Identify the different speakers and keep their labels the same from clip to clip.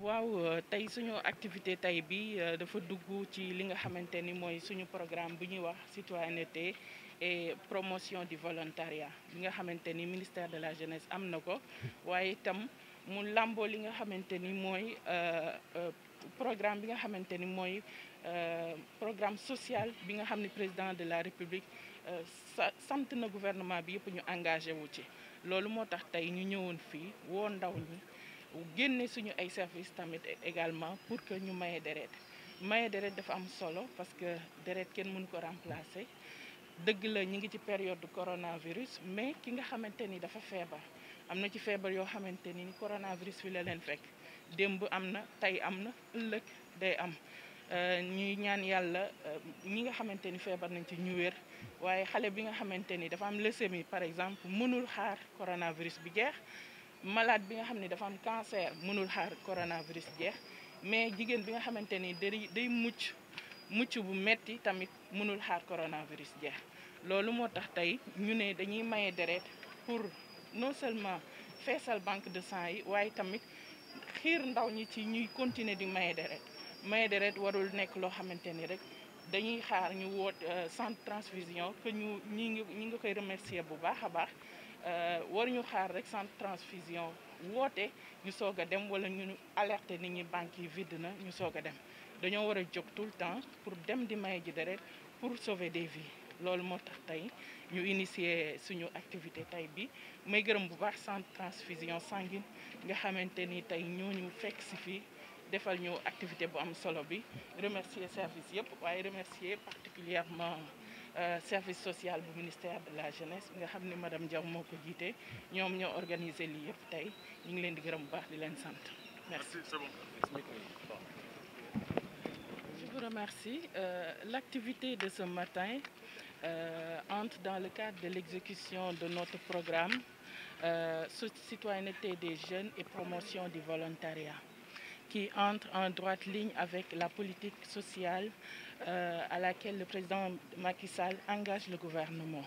Speaker 1: waaw euh, tey suñu activité tey bi euh, dafa dugg ci li nga xamante ni mooy suñu programme bu ñuy wax citoyenneté et promotion de volontariat bi nga xamante ni ministère de la jeunesse am na ko waaye itam mu làmboo li nga xamante ni mooy euh, programme bi nga xamante ni mooy programme social bi nga xam ne président de la république sant na gouvernement bi yëpp ñu engagé wu ci loolu moo tax tey ñu ñëwoon fii woo ndaw ñi génne suñu ay service tamit également pour que ñu maye deret maye deret dafa am solo parce que deret kenn mënu ko remplacer dëgg la ñu ngi ci période du coronavirus mais ki nga xamante ni dafa feebar am na ci feebar yoo xamante ni coronavirus fi la leen fekk démb am na tey am na ëllëg day am euh, ñuy ñaan yàlla euh, ñi nga xamante ni feebar nañ ci ñu wér waaye xale bi nga xamante ni dafa am leucémie par exemple mënul xaar coronavirus bi jeex malaat bi nga xam ni dafa am cancer mënul xaar coronavirus jeex mais jigéen bi nga xamante ni day day mucc mucc bu metti tamit mënul xaar coronavirus jeex loolu moo tax tey ñu ne dañuy maye deret pour non seulement feesal banque de sang yi waaye tamit xiir ndaw ñi ci ñuy continuer di maye deret maye deret warul nekk loo xamante ni rek dañuy xaar ñu woot euh, centre transfusion que ñu ñi ngi ñi nga koy remercier bu baax a baax Nous euh, xaar rek centre transfusion woote ñu soog a dem wala ñu alerter nit vide na ñu a dem tout le temps pour dem di pour sauver des vies loolu moo tax ñu activité tey bi may transfusion sanguine nga xamante ni tey ñu activité bu am solo bi remercier service remercier particulièrement euh, service social du ministère de la jeunesse nga Diaw merci. je vous remercie euh, l'activité de ce matin euh, entre dans le cadre de l'exécution de notre programme citoyenneté des jeunes et promotion du volontariat qui entre en droite ligne avec la politique sociale euh, à laquelle le président Macky Sall engage le gouvernement.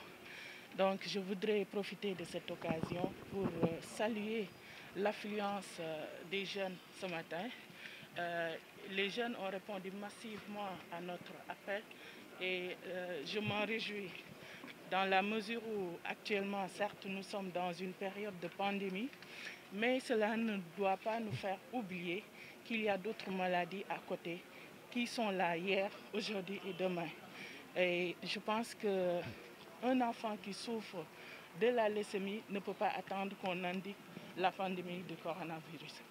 Speaker 1: Donc je voudrais profiter de cette occasion pour euh, saluer l'affluence euh, des jeunes ce matin. les jeunes ont répondu massivement à notre appel et je m'en réjouis dans la mesure où actuellement, certes, nous sommes dans une période de pandémie, mais cela ne doit pas nous faire oublier qu'il y a d'autres maladies à côté qui sont là hier, aujourd'hui et demain. Et je pense qu'un enfant qui souffre de la leucémie ne peut pas attendre qu'on indique la pandémie du coronavirus.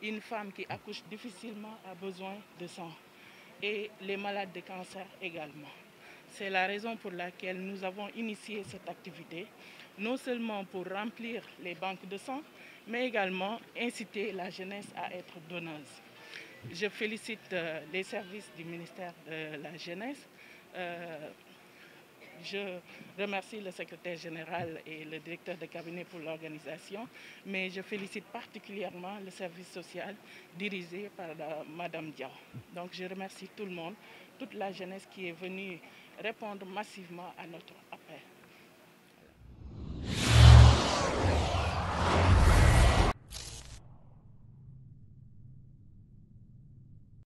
Speaker 1: Une femme qui accouche difficilement a besoin de sang et les malades de cancer également. C'est la raison pour laquelle nous avons initié cette activité, non seulement pour remplir les banques de sang, mais également inciter la jeunesse à être donneuse. Je félicite euh, les services du ministère de la Jeunesse. Euh, je remercie le secrétaire général et le directeur de cabinet pour l'organisation, mais je félicite particulièrement le service social dirigé par euh, Madame Dia. Donc je remercie tout le monde, toute la jeunesse qui est venue répondre massivement à notre